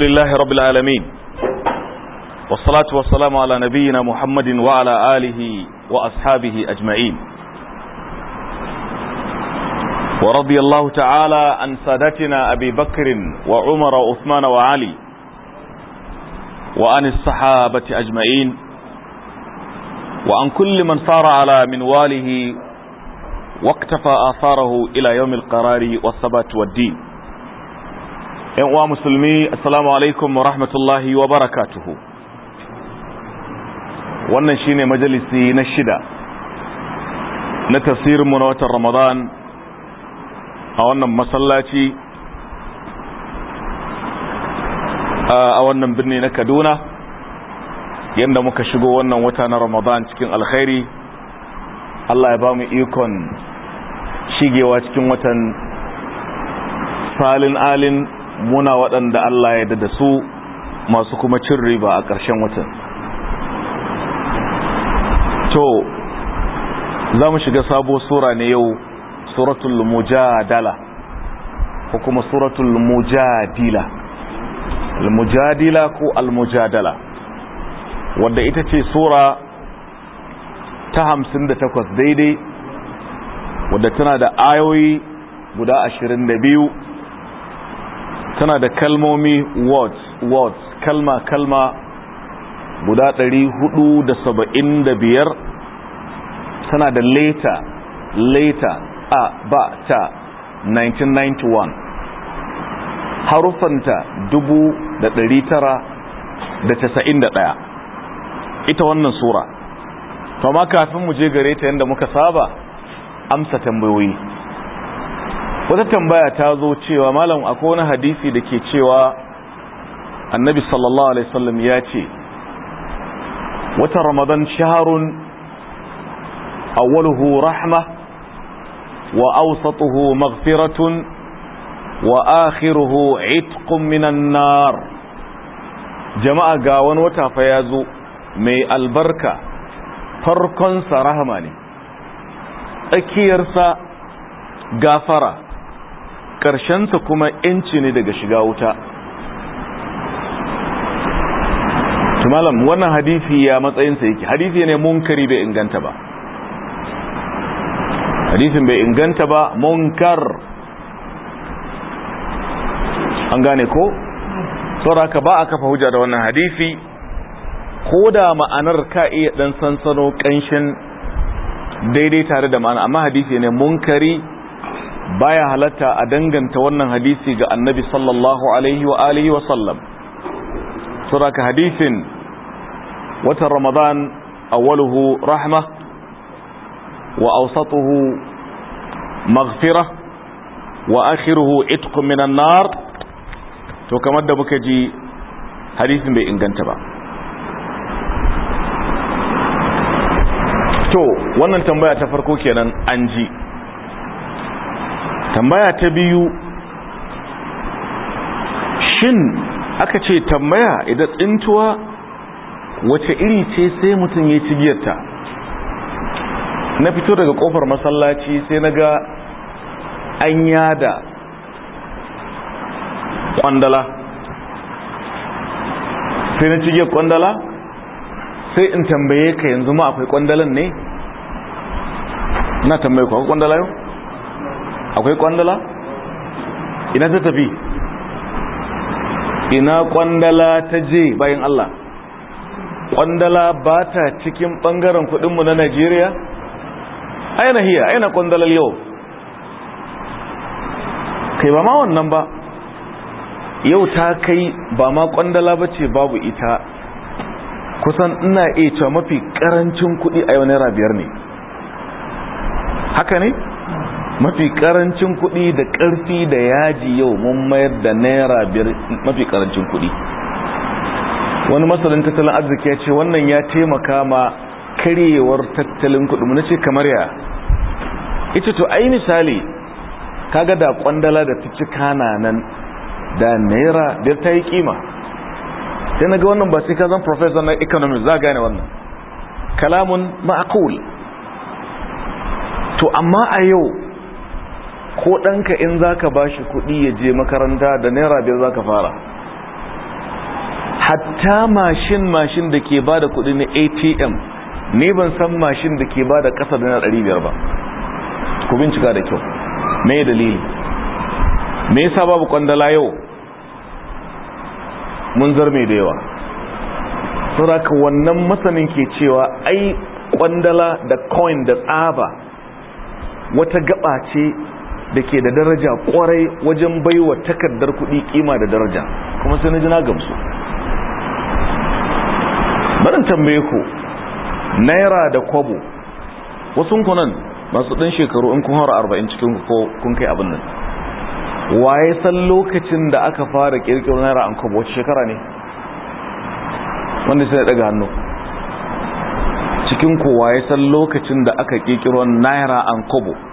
لله رب العالمين والصلاة والسلام على نبينا محمد وعلى آله وأصحابه أجمعين ورضي الله تعالى عن سادتنا أبي بكر وعمر وعثمان وعلي وعن الصحابة أجمعين وعن كل من صار على منواله واقتفى آثاره إلى يوم القرار والثبات والدين yan uwa musulmi assalamu alaikum wa rahmatullahi wa barakatuhu wannan shine majalisi na shida na tasirinmu mu na watan ramadan a wannan masallaci a wannan birni na kaduna yadda muka shigo wannan wata na ramadan cikin alkhairi allah ya ba mu ikon shigewa cikin watan salin alin muna waɗanda Allah ya da su masu kuma cin riba a ƙarshen watan to za mu shiga sabo sura ne yau suratul mujadala ko kuma suratul mujadila al-mujadila ko al-mujadala wadda ita ce sura ta hamsin da takwas daidai wadda tana da ayoyi guda ashirin da biyu tana da kalmomi words words kalma kalma guda 475 tana da later later a ba ta 1991 haruffanta ɗaya. ita wannan sura to ma kafin mu je gare ta yadda muka saba amsa tambayoyi wata tambaya ta zo cewa malam akwai hadisi da ke cewa annabi sallallahu alaihi ya ce wata ramadan shaharun awwaluhu rahma wa awsatuhu maghfiratun wa akhiruhu itqun minan nar jama'a ga wani wata fa ya zo mai albarka farkonsa rahama ne tsakiyarsa gafara ƙarshensa kuma ‘yanci ne daga shiga wuta malam wannan hadisi ya matsayinsa yake hadisi ne munkari bai inganta ba hadisin bai inganta ba munkar an gane ko sauraka ba a kafa hujja da wannan hadisi ko da ma'anar ka iya dan sansano kanshin daidai tare da ma'ana amma hadisi ne munkari baya halatta a danganta wannan hadisi ga annabi sallallahu alaihi wa alihi wa sallam suraka hadisin watan ramadan awwaluhu rahma wa awsatuhu maghfira wa akhiruhu itqun minan nar to kamar da muka ji hadisin bai inganta ba to wannan tambaya ta farko kenan an ji tambaya ta biyu shin aka ce tambaya idan tsintuwa wace iri ce sai mutum ya ci giyarta na fito daga kofar masallaci sai na ga an yada kwandala sai na ci giyar kwandala sai in tambaye ka yanzu ma akwai kwandalan ne na tambaye ku akwai kwandala yau akwai kwandala ina ta tafi ina kwandala ta je bayan Allah kwandala ba ta cikin bangaren kudinmu na Najeriya aina hiya aina kwandalar yau kai ba ma wannan ba yau ta kai ba ma kwandala ba ce babu ita kusan ina iya cewa mafi karancin kudi a yau naira biyar ne haka ne mafi karancin kuɗi da ƙarfi da yaji yau mun mayar da naira biyar mafi karancin kuɗi wani matsalin tattalin arziki ya ce wannan ya taimaka ma karyewar tattalin kuɗi mu ce kamar ya ita to ai misali kaga da kwandala da fici kana nan da naira biyar ta yi kima sai na ga wannan ba sai ka zan professor na economics za gane wannan kalamun ma'akul to amma a yau ko ɗanka in za ka ba shi kuɗi ya je makaranta da naira biyar za ka fara hatta mashin mashin da ke ba da kuɗi na atm ne ban san mashin da ke ba da ƙasa da naira ɗari biyar ba ku bincika da kyau me dalili me yasa babu kwandala yau mun zarme da yawa saboda wannan masanin ke cewa ai kwandala da coin da tsaba wata gaba ce da ke da daraja kwarai wajen baiwa takardar kudi kima da daraja kuma sai na ji na gamsu barin tambaye ku naira da kwabo wasu kunan masu ɗan shekaru in kun hara arba'in cikin ko kun kai abin nan waye san lokacin da aka fara kirkiro naira an kwabo wace shekara ne wanda sai daga hannu cikin kowa ya san lokacin da aka kirkiro naira an kwabo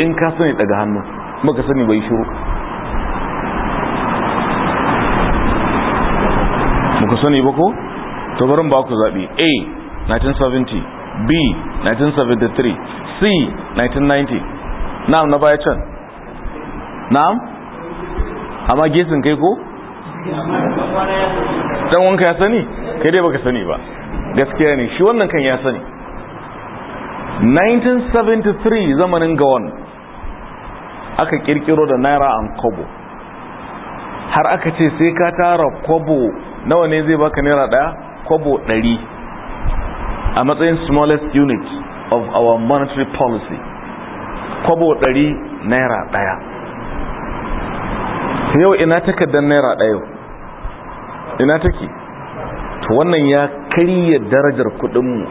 in ka sani daga hannu maka sani bai shiru muka sani ba ko barin ba ku zaɓi a 1970 b 1973 c 1990 na'am na baya can na'am amma gesin kai ko dan wanka ya sani kai dai baka sani ba gaskiya ne shi wannan kan ya sani 1973 zamanin gawon aka kirkiro da naira an kobo har aka ce sai ka tara kobo nawa ne zai baka naira daya kobo ɗari a matsayin smallest unit of our monetary policy kobo ɗari naira daya yau ina takardar naira daya ina take to wannan ya karya darajar kudinmu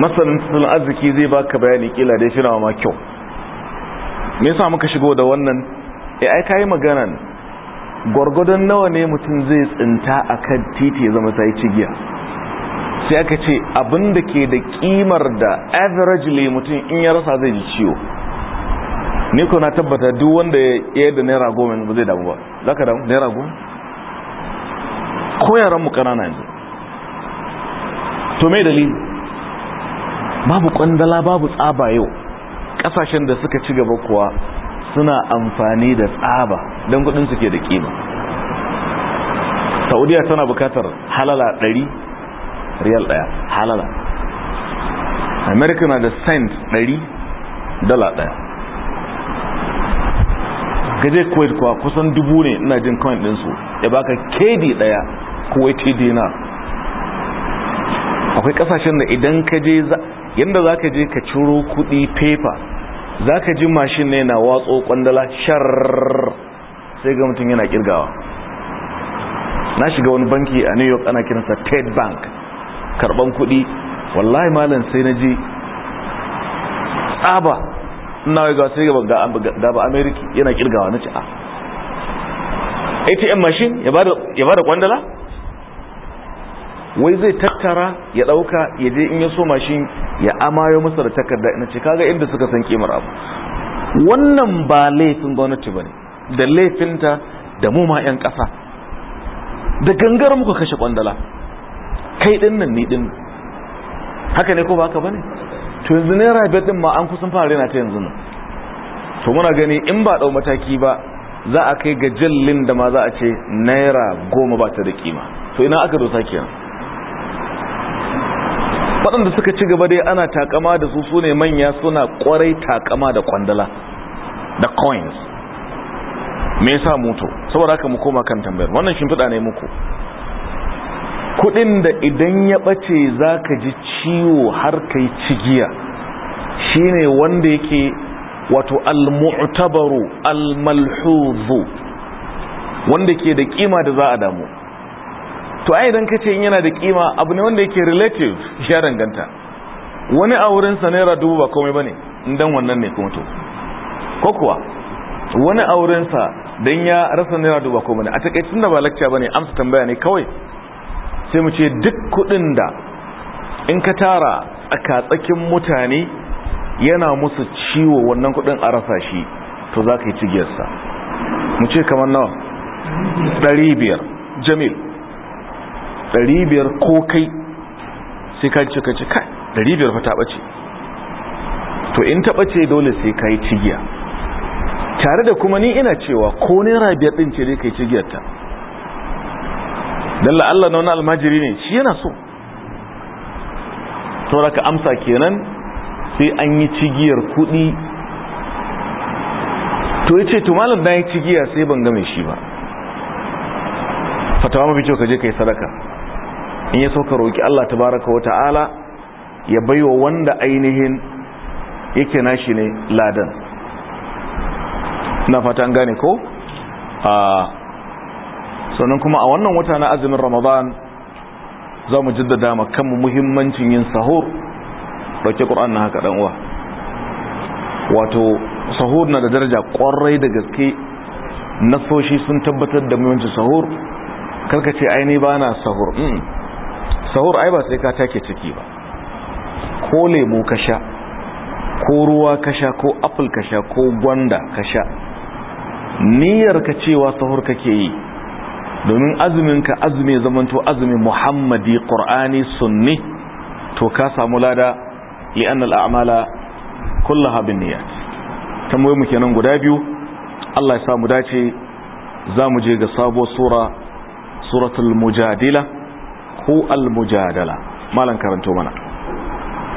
masanin tattalin arziki zai baka bayani kila dai ya na ma kyau me yasa muka shigo da wannan eh ai kai maganan gwargwadon nawa ne mutum zai tsinta akan titi ya zama sai cigiya sai aka ce abin da ke da kimar da le mutum in ya rasa zai ji ciwo ni ko na tabbata duk wanda ya yi da naira goma ba zai damu ba za ka damu naira goma ko yaran mu kanana yanzu to me dalili babu kwandala babu tsaba yau kasashen da suka ci gaba kuwa suna amfani da tsaba don kudin suke da kima saudiya tana bukatar halala 100 riyal daya halala america na da cent 100 dala daya gaje kuwait kuwa kusan dubu ne ina jin coin dinsu ya baka kedi daya kuwaiti dina akwai kasashen da idan ka je yadda za ka je ka ciro kudi paper za ka ji mashin ne na watso kwandala shar sai ga mutum yana kirgawa na shiga wani banki a new york ana kiransa ted bank karban kudi wallahi malam sai na ji tsaba na wai sai ga ba amerika yana kirgawa na ci ah. a atm mashin ya ba da kwandala wai zai tattara ya dauka ya je in ya so mashin ya amayo masa da takarda ina ce kaga inda suka san kimar abu wannan ba laifin gwamnati bane da laifinta da mu ma yan kasa da gangar muka kashe kwandala kai din nan ni din haka ne ko ba haka bane to yanzu naira biyar din ma an kusan fara rena ta yanzu nan to muna gani in ba dau mataki ba za a kai ga jallin da ma za a ce naira goma ba ta da kima to ina aka dosa kenan waɗanda suka ci gaba dai ana takama da su sune manya suna kwarai takama da kwandala da coins me yasa moto saboda haka mu koma kan tambayar wannan shimfiɗa ne muku kuɗin da idan ya ɓace za ka ji ciwo har kai cigiya shine wanda yake wato al-mu'tabaru al-malhuzu wanda ke da kima da za a damu to ai idan kace in yana da kima abu ne wanda yake relative ya danganta wani a wurin sa naira dubu ba komai bane dan wannan ne kuma to ko kuwa wani a wurin sa dan ya rasa naira dubu ba komai a takaicin da ba lecture bane amsa tambaya ne kawai sai mu ce duk kudin da in ka tara aka tsakin mutane yana musu ciwo wannan kudin a rasa shi to zaka ka yi sa mu ce kamar nawa 500 jamil ɗari biyar ko kai sai ka ci ka ce kai ɗari fa ta bace, to in ta bace dole sai ka yi cigiya tare da kuma ni ina cewa ko naira biyar ɗin ce dai ka yi cigiyarta don la'alla na wani almajiri ne shi yana so saura ka amsa kenan sai an yi cigiyar kuɗi to ya ce to malam na yi cigiya sai ban game shi ba fatawa mafi cewa ka je ka yi sadaka in ya sauka ka roƙi Allah tabaraka wata'ala ya baiwa wanda ainihin yake nashi ne ladan na fata gane ko a sannan kuma a wannan wata na azumin ramadan za mu jaddada mu muhimmancin yin sahur ɗauke ƙur'an na haka uwa wato sahur na da daraja ƙwarai da gaske nasoshi sun tabbatar da muhimmancin sahur karkace aini ba na sahur hmm. sahur ai ba sai ka take ciki ba ko lemo ka sha ko ruwa ka sha ko apple ka sha ko gwanda ka sha niyyar ka cewa sahur kake yi domin azumin ka azumi zamanto azumi muhammadi qur'ani sunni to ka samu lada li'anna al'amala kullaha niyyat tamoyi mu kenan guda biyu Allah ya samu dace zamu je ga sabuwar sura suratul mujadila ko المجادله مالن كرنتو منا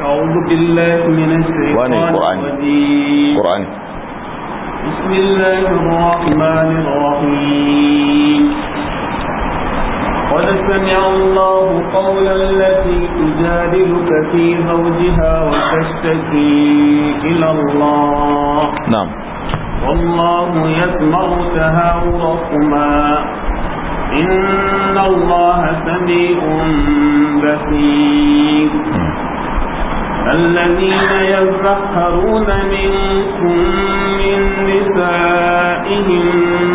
أعوذ بالله من الشيطان الرجيم قرآن بسم الله الرحمن الرحيم قد سمع الله قول التي تجادلك في زوجها وتشتكي إلى الله نعم والله يسمع تهاوركما إن الله سميع بصير الذين يذكرون منكم من نسائهم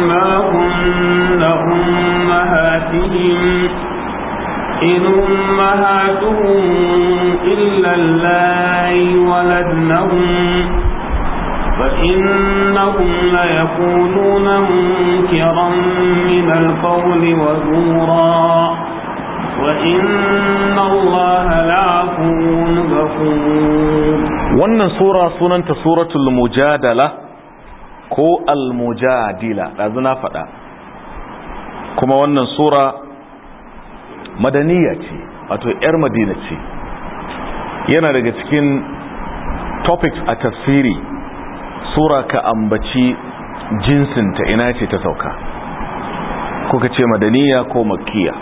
ما هن أمهاتهم إن أمهاتهم إلا الله ولدنهم فإنهم ليقولون منكرا من القول وزورا وإن الله لعفو غفور wannan sura sunanta suratul mujadala ko al-mujadila ɗazu na faɗa kuma wannan sura madaniya ce wato 'yar madina ce yana daga cikin topics a tafsiri sura ka ambaci jinsinta ina ce ta sauka kuka ce madaniya ko makiya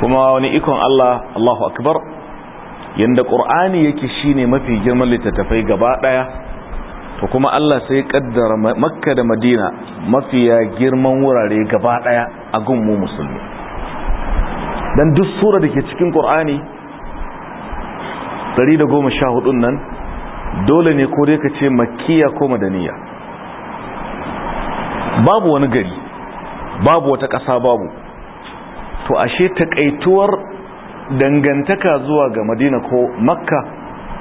kuma wani ikon Allah Allahu akbar yanda qur'ani yake shine mafi girman littattafai gaba daya to kuma Allah sai kaddara makka da madina mafiya girman wurare gaba daya a mu musulmi dan duk sura da ke cikin qur'ani 114 nan dole ne ko dai ka ce makiya ko madaniya babu wani gari babu wata ƙasa babu to ashe takaituwar dangantaka zuwa ga madina ko makka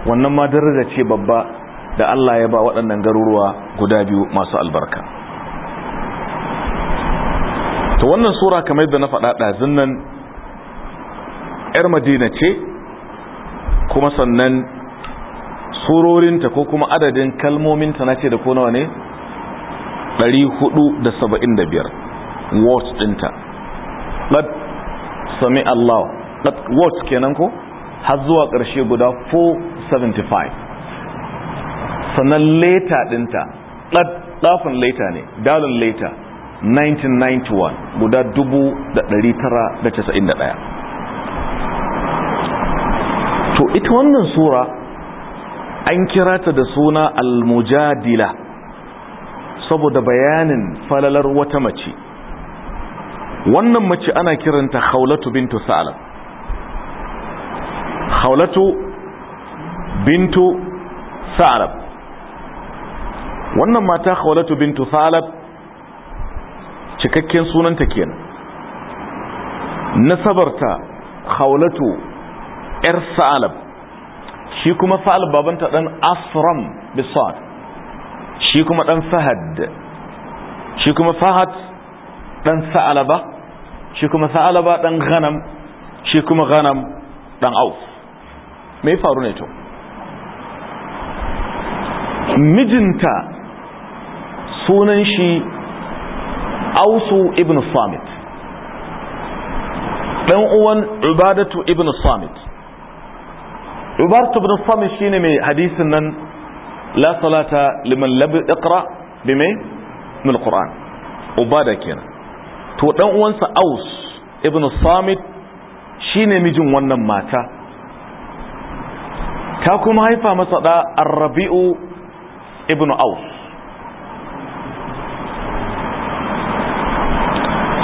wannan ma daraja ce babba da allah ya ba waɗannan garuruwa guda biyu masu albarka to wannan sura kamar yadda na faɗa ɗazin nan 'yar madina ce kuma sannan surorinta ko kuma adadin kalmominta na ce da ko nawa ne 475 words dinta qad sami Allah qad words kenan ko har zuwa ƙarshe guda 475 sannan leta dinta qad dafin leta ne dalin leta 1991 guda 1991 to ita wannan sura an kira ta da suna al-mujadila saboda bayanin falalar wata mace wannan mace ana kiranta haulatu bintu sa'alam haulatu bintu sa'alam wannan mata haulatu bintu sa'alam cikakken sunanta kenan nasabarta haulatu 'yar sa'alam shi kuma fa'al babanta ɗan asram bisad shi kuma ɗan fahad shi kuma fahad ɗan sa'alaba shi kuma sa'alaba ɗan ghanam shi kuma ghanam ɗan auf mai faru ne to mijinta sunan shi ausu ibn samit ɗan uwan ubadatu ibn samit ubartu ibn samit shine mai hadisin nan la salata liman lam yaqra bi mai min alquran ubada kenan to dan uwansa aus ibn samit shine mijin wannan mata ta kuma haifa masa da arrabi'u ibn aus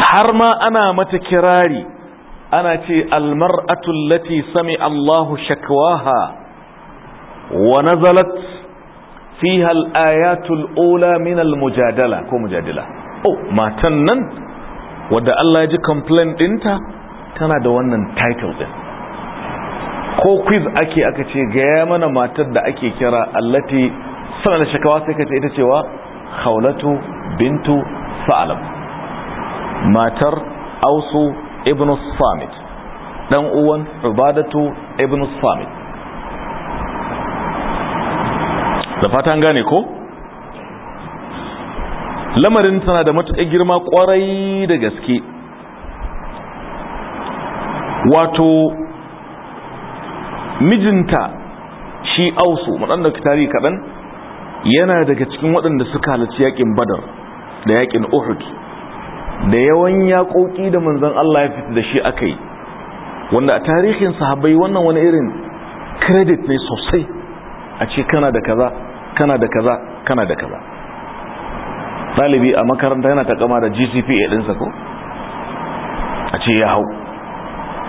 har ma ana mata kirari ana ce almar'atu lati sami Allahu shakwaha wa nazalat fiha al-ayatu min mujadala ko mujadala oh matan nan wadda Allah ya ji complaint dinta tana da wannan title din ko quiz ake aka ce gaya mana matar da ake kira allati sana da shakawa sai ce ita cewa khawlatu bintu Sa'alam matar ausu ibn samit dan uwan ubadatu ibn samit da fatan gane ko lamarin tana da matuƙar girma ƙwarai da gaske wato mijinta shi ausu waɗanda tarihi kaɗan yana daga cikin waɗanda suka halarci yaƙin badar da yaƙin uhud da yawan yaƙoƙi da manzan Allah ya fita da shi aka yi wanda a tarihin sahabbai wannan wani irin credit ne sosai a ce kana da kaza kana da kaza kana da kaza ɗalibi a makaranta yana takama da gcpa ɗinsa ko a ce ya hau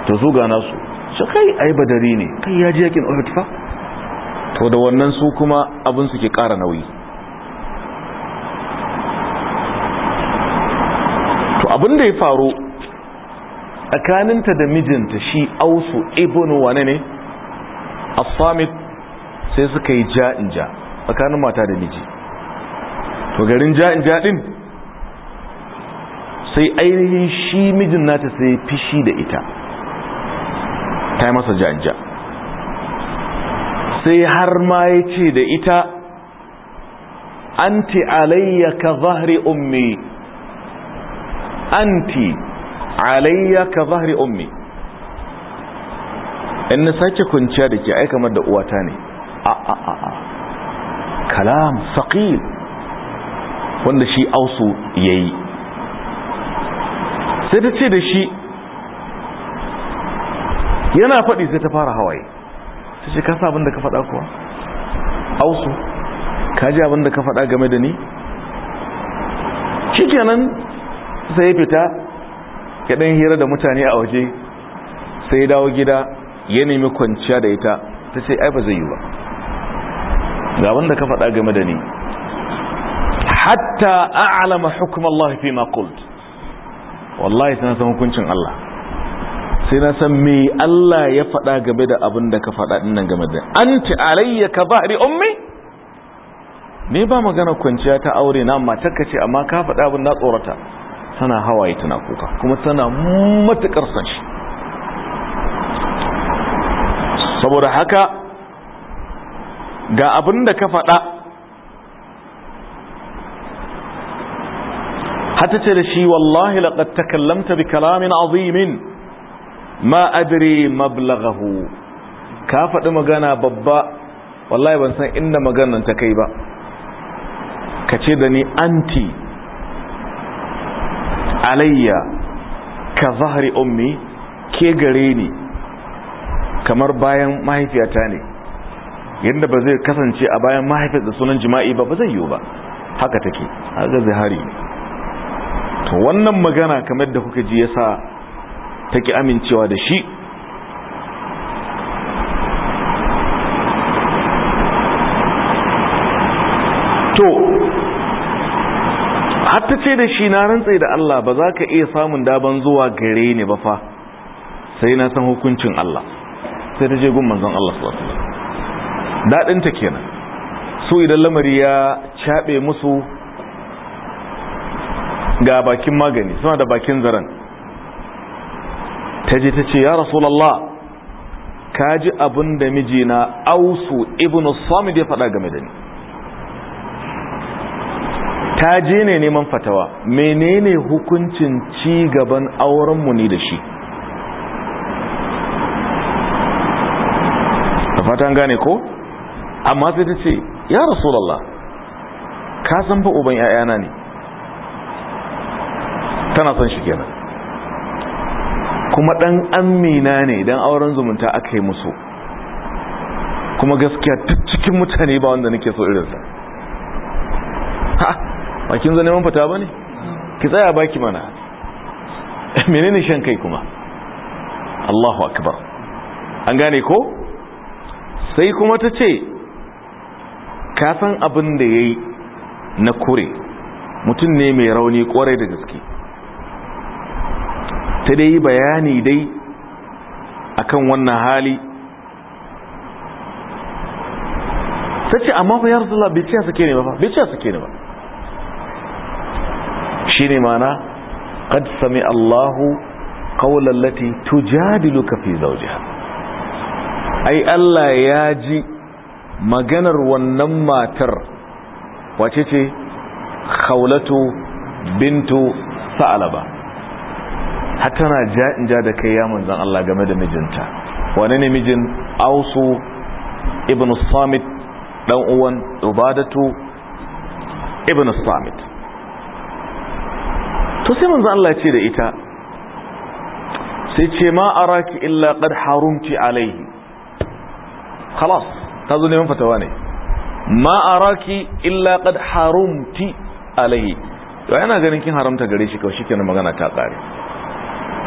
to su gana su su kai ai badari ne kai ya ji yakin uhud fa to da wannan su kuma abin su ke ƙara nauyi da ya faru tsakaninta da mijinta shi ausu ibn wane ne a samit sai suka yi ja'in ja tsakanin mata da miji to garin ja'in ja din sai ainihin shi mijin nata sai fishi da ita ta yi masa ja'in ja sai har ma ya ce da ita an alayya alayyaka zahri ummi anti alayya ka zahri ummi in na sake kunciya da ke aika kamar da uwata ne a a a a kalam saqil wanda shi ausu yayi sai ta ce da shi yana faɗi sai ta fara hawaye ta ce kasa abinda ka faɗa kuwa ausu ka ji abinda ka faɗa game da ni kenan. sai fita ya ɗan hira da mutane a waje sai dawo gida ya nemi kwanciya da ita ta sai ai ba zai yi ba ga wanda ka faɗa game da ni hatta a'lama hukum Allah fi ma wallahi sai na san hukuncin Allah sai na san me Allah ya faɗa game da abin da ka faɗa nan game da anti alayya ka bahri ummi ne ba magana kwanciya ta aure na mace ka ce amma ka faɗa abin na tsorata tana hawaye tana kuka kuma tana matukar san shi saboda haka ga abin da ka faɗa hata ce da shi wallahi laqad takallamta bi kalamin azimin ma adri mablaghahu ka faɗi magana babba wallahi ban san inda maganan ta kai ba ka ce da ni anti alayya ka zahari ummi ke gare ni kamar bayan mahaifiyata ne yadda ba zai kasance a bayan mahaifiyar da sunan jima'i ba ba zai yiwu ba haka take haka zahari ne to wannan magana kamar da kuka ji ya yasa take amincewa da shi to har ta ce da shi na rantse da Allah ba za ka iya samun daban zuwa gare ni ba fa sai na san hukuncin Allah sai ta je gun manzon Allah sallallahu alaihi wasallam ta kenan su idan lamari ya chabe musu ga bakin magani suna da bakin zaran ta je ta ce ya rasulullah ka ji abin da mijina ausu ibnu samid ya faɗa game da ni ta je ne neman fatawa menene hukuncin ci gaban aurenmu mu ne da shi ta fatan gane ko amma sai ta ce ya rasulallah ka san ba uban yayana ne tana son shi kenan kuma dan amina ne dan auren zumunta aka yi musu kuma gaskiya duk cikin mutane ba wanda nake so irinsa ba kin zo neman fita bane ki tsaya baki mana menene shan kai kuma Allahu akbar an gane ko sai kuma ta ce ka san abin da yayi na kure mutum ne mai rauni kwarai da gaske ta dai bayani dai akan wannan hali ta ce amma fa yarzu Allah bai ciya suke ne ba bai ciya suke ne ba shine mana qad sami Allahu qawlan lati tujadiluka fi zawjiha ai Allah ya ji maganar wannan matar wace ce khawlatu bintu sa'alaba hatta na ja in ja da kai ya manzon Allah game da mijinta wane ne mijin ausu ibn samit dan uwan ubadatu ibn samit to sai manzo Allah ce da ita sai ce ma araki illa qad harumti alaihi خلاص ta zo mun fatawa ne ma araki illa qad harumti alaihi to yana ganin kin haramta gare shi kawai shikenan magana ta kare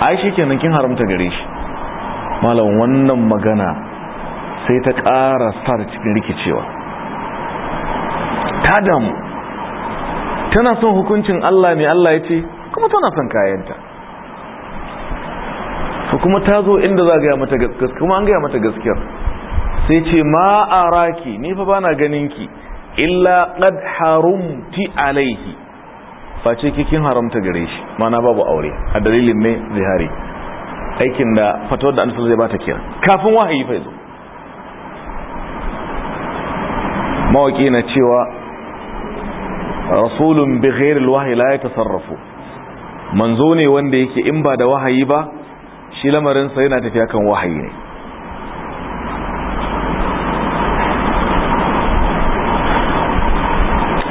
ai shikenan kin haramta gare shi malam wannan magana sai ta ƙara sa da cikin rikicewa ta damu tana son hukuncin Allah ne Allah ya ce kuma tana son kayanta ko kuma ta zo inda za gaya mata gaskiyar kuma an gaya mata gaskiyar sai ce ma araki ni fa bana ki? illa qad harumti alaihi face kikin haramta gare shi mana babu aure a dalilin mai zihari aikin da fatawar da annabi zai bata kira kafin wahayi fa zo mawaki na cewa rasulun bi ghairi alwahyi la yatasarrafu manzo ne wanda yake in ba da wahayi ba shi lamarinsa yana tafiya kan wahayi ne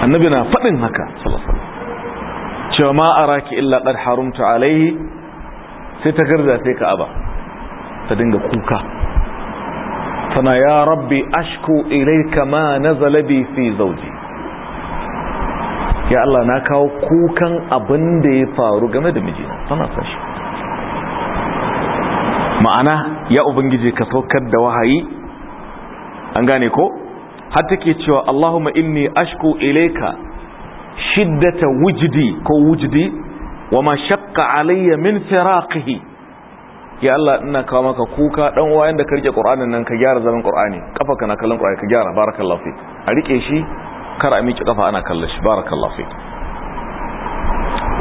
annabi na faɗin haka cewa ma a raki illa ɗar harumta alaihi sai ta garza sai ka aba ta dinga kuka tana ya rabbi ashku ilai kama na zalabi fi zauji ya Allah na kawo kukan abin da ya faru game da mijina tana sashi ma'ana ya ubangiji ka saukar da wahayi an gane ko har take cewa Allahumma inni ashku ilayka shiddata wujdi ko wujdi wa ma shaqqa alayya min firaqihi ya Allah ina kawo maka kuka dan wayan da karke Qur'anin nan ka gyara zaman Qur'ani kafa kana kallon Qur'ani ka gyara barakallahu fi a rike shi kar a miƙe kafa ana kallon shi barakallahu fi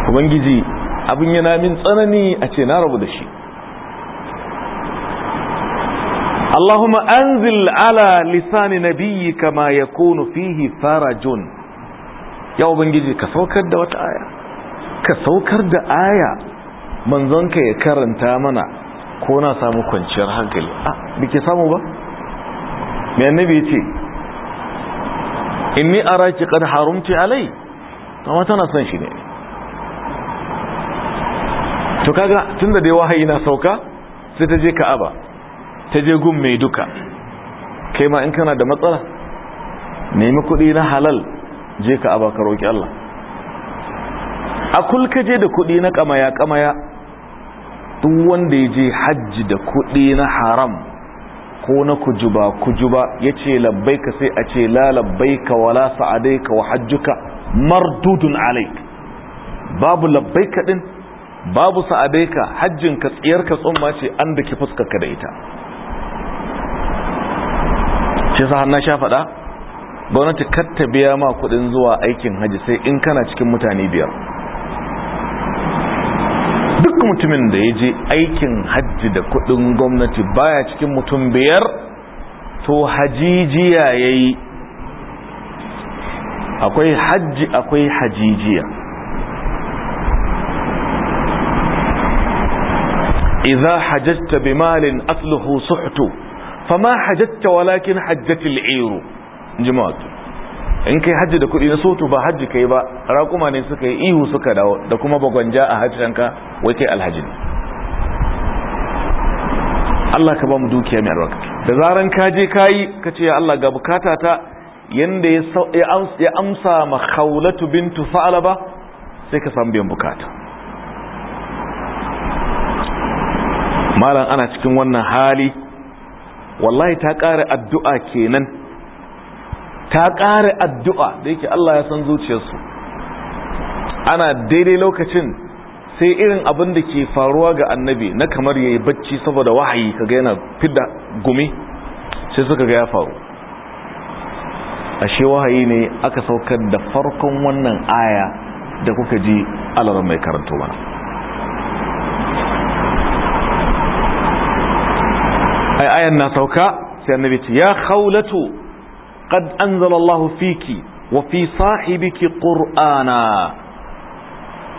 ubangiji abin yana min tsanani a ce na rabu da shi اللهم na biyi ka نبيك ya يكون fihi farajun ya ubangiji ka saukar da wata aya ka saukar da aya manzonka ya karanta mana ko na samu kwanciyar hankali ah bike samu ba me annabi ce? inni araki kada harumti alai amma tana son shi ne to kaga tunda dai wahayi na sauka sai ta je Ka'aba ta je gun mai duka kai ma in kana da matsala nemi kuɗi na halal je Ka'aba ka roki Allah akul ka je da kuɗi na kamaya kamaya duk wanda ya je hajji da kuɗi na haram ko na kujuba kujuba yace ka sai a ce la labbaika wala ka wa hajjuka mardudun alai. babu labbai din babu ka sa'adaika ka tsiyarka tsumma ce an da daki ka da ita ce sa na sha faɗa gwamnati kattabiya biya ma kuɗin zuwa aikin hajji sai in kana cikin mutane biyar duk mutumin da ya je aikin hajji da kudin gwamnati baya cikin mutum biyar to hajijiya ya yi akwai hajji akwai hajijiya Iza hajjata bi malin asluhu suhtu fama hajjata walakin hajjatil iru in kai hajji da kuɗi na soto ba hajji kai ba raƙuma ne suka yi ihu suka dawo da kuma bagwanja a hajjanka wai kai alhaji ne Allah ka ba mu dukiya mai albarka da zaran ka je kayi ka ce ya Allah ga bukata ta yanda ya amsa ma khawlatu bintu fa'alaba sai ka samu biyan bukata malam ana cikin wannan hali wallahi ta ƙara addu'a kenan ta ƙara addu'a da yake Allah ya san zuciyarsu ana daidai lokacin sai irin abin da ke faruwa ga annabi na kamar ya yi bacci saboda wahayi kaga yana fidda gumi sai suka ga ya faru ashe wahayi ne aka saukar da farkon wannan aya da kuka ji alarar mai karanto mana ai ayan na sauka sai annabi ya khawlatu قد أنزل الله فيك وفي صاحبك قرآنا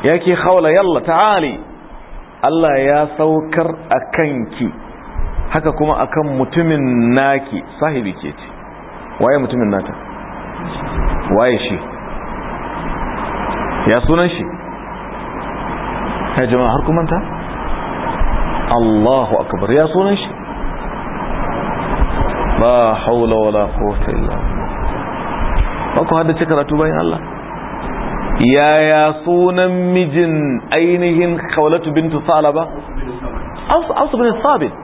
ياكي خولة يلا تعالي الله يا سوكر أكنك haka kuma akan mutumin naki sahibi ke ce waye mutumin nata waye shi ya sunan shi ya jama'a har kumanta Allahu ya sunan shi la haula wala quwwata illa ba ku haddace karatu bayan Allah yaya sunan mijin ainihin khawlatu bintu salaba ausu ausu bin sabit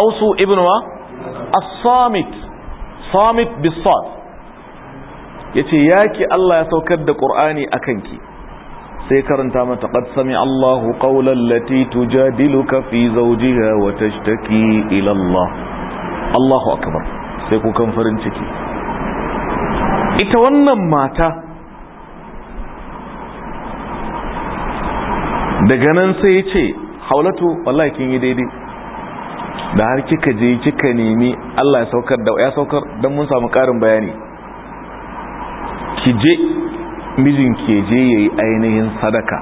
ausu Ibn wa as-samit samit bis-sad yace yaki Allah ya saukar da qur'ani akan ki sai karanta mata qad sami Allahu qawlan lati tujadiluka fi zawjiha wa tashtaki ila Allah Allahu akbar sai kukan farin ciki ita wannan mata daga nan sai ya ce haulatu wallahi kin yi daidai da har kika je kika nemi Allah ya saukar da don mun samu karin bayani ki je mijin ke je yayi ainihin sadaka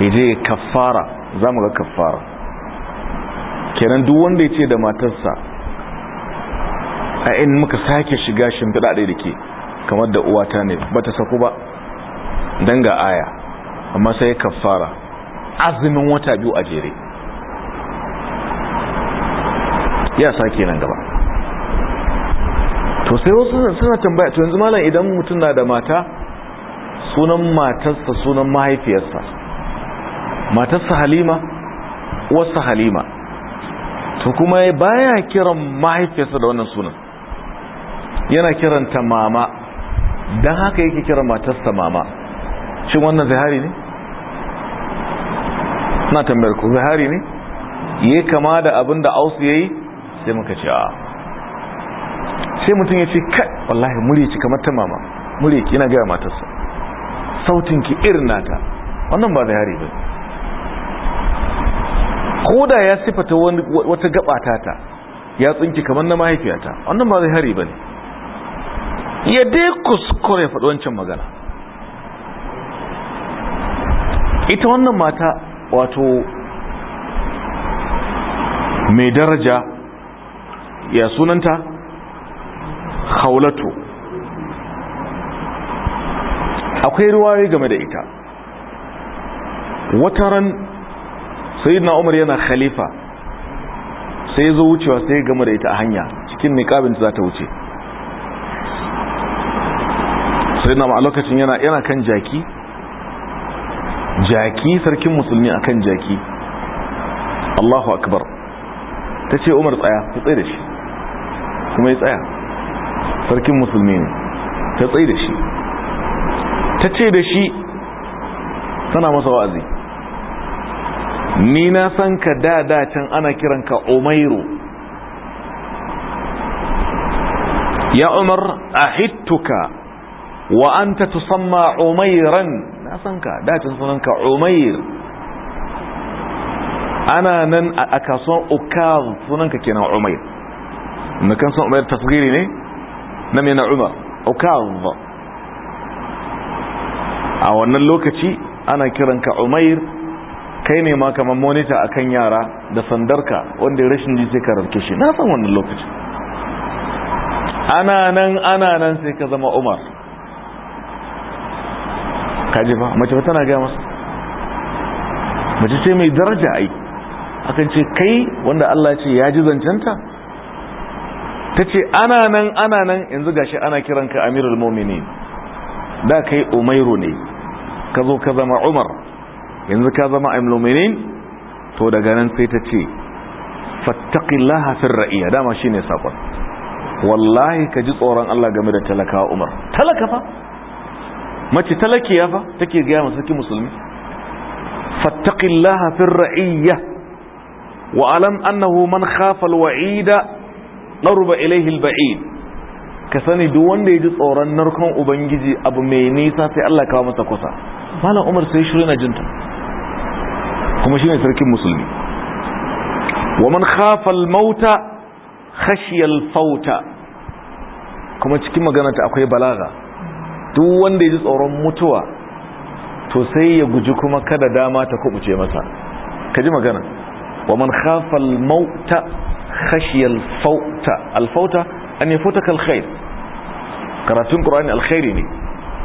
ya je kafara za mu ga kafara kenan duk wanda ya ce da matarsa a in muka sake shiga shimfiɗa ɗaya da ke kamar da uwata ne ba ta saku ba don ga aya amma sai kafara azumin wata biyu a jere ya sake nan gaba to sai wasu suna tambaya to yanzu malam idan mutum na da mata sunan matarsa sunan mahaifiyarsa matarsa halima wasu halima to kuma baya kiran mahaifiyarsa da wannan sunan yana kiranta mama don haka yake kira matarsa mama shin wannan zahari ne? na tambayar ku zahari ne? yi kama da abin da ausu ya yi sai muka ce a sai mutum ya ce kai wallahi muriki kamar ta mama muriki yana gaya matarsa sautinki irin nata wannan ba zahari ba ko da ya sifata wata gabatata ya tsinki kamar na mahaifiyata wannan ba hari ba ne ya dai kuskure faɗi wancan magana ita wannan mata wato mai daraja ya sunanta haulato akwai ruwaye game da ita wataran na umar yana khalifa sai zo wucewa sai game da ita a hanya cikin mai niqabin za ta wuce sai na a lokacin yana yana kan jaki jaki sarkin musulmi akan jaki Allahu akbar tace Umar tsaya ta tsaye da shi kuma ya tsaya sarkin musulmi ne ta tsaye da shi tace da shi tana masa wa'azi ni na san ka da da can ana kiranka Umairu ya umar a hittuka wa anta tusamma umairan na san ka dacin sunanka umair ana nan a kasuwan ukaz sunanka kenan umair na kan san umair tasgiri ne na mai na umar ukaz a wannan lokaci ana kiran ka umair kai ne ma kamar monita akan yara da sandarka wanda rashin ji sai ka rarke shi na san wannan lokaci ana nan ana nan sai ka zama umar kaji ba mace ba tana gaya masa mace ce mai daraja ai akan ce kai wanda Allah ce ya ji zancenta ta ce ana nan ana nan yanzu gashi ana kiranka amirul momini, da kai umairu ne ka zo ka zama umar yanzu ka zama amirul mominin to daga nan sai ta ce fattaqillaha fir ra'iya dama shine sakon wallahi ka ji tsoron Allah game da talaka umar talaka fa mace talakiya fa take gaya masu sarki musulmi fattaqillaha fir ra'iyya wa alam annahu man khafa al-wa'ida qarba ilayhi al-ba'id ka sani duk wanda ya ji tsoron narkon ubangiji abu mai nisa sai Allah kawo masa kusa malam Umar sai shiru na jinta kuma shine sarkin musulmi wa man khafa al-mauta khashiya al-fauta kuma cikin magana ta akwai balaga duk wanda ya ji tsoron mutuwa to sai ya guji kuma kada dama ta kubuce masa ka ji magana wa man khafa al khashiya al al an yafutaka al-khair karatun qur'ani alkhairi ne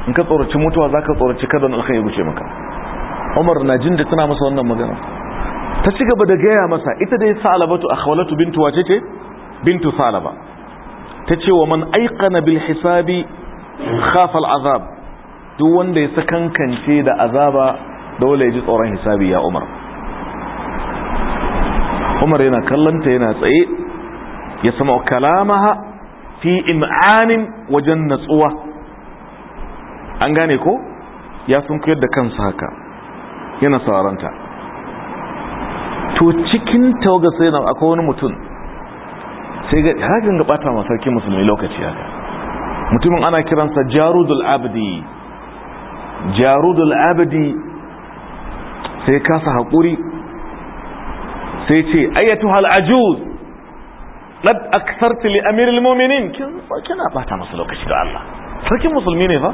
in ka tsoraci mutuwa zaka tsoraci kada alkhairi ya guce maka Umar na jin da tana masa wannan magana ta ci gaba da gaya masa ita dai salabatu akhwalatu bintu wace ce bintu salaba ta ce wa man aikana bil hisabi in khafa al'azab duk wanda ya sakankance da azaba dole ya ji tsoron hisabi ya umar umar yana kallanta yana tsaye ya sama kalamaha fi im'anin wajen natsuwa an gane ko ya sun koyar da kansa haka yana sauranta to cikin tawaga sai akwai wani mutum sai ga hajjin gabata masarki musulmi lokaci haka mutumin ana kiransa jarudul abdi jarudul abdi sai kasa haƙuri sai ce ayyatu hal'ajuz ɗad aksarti li amiril mominin kina bata masu lokaci da Allah sarkin musulmi ne fa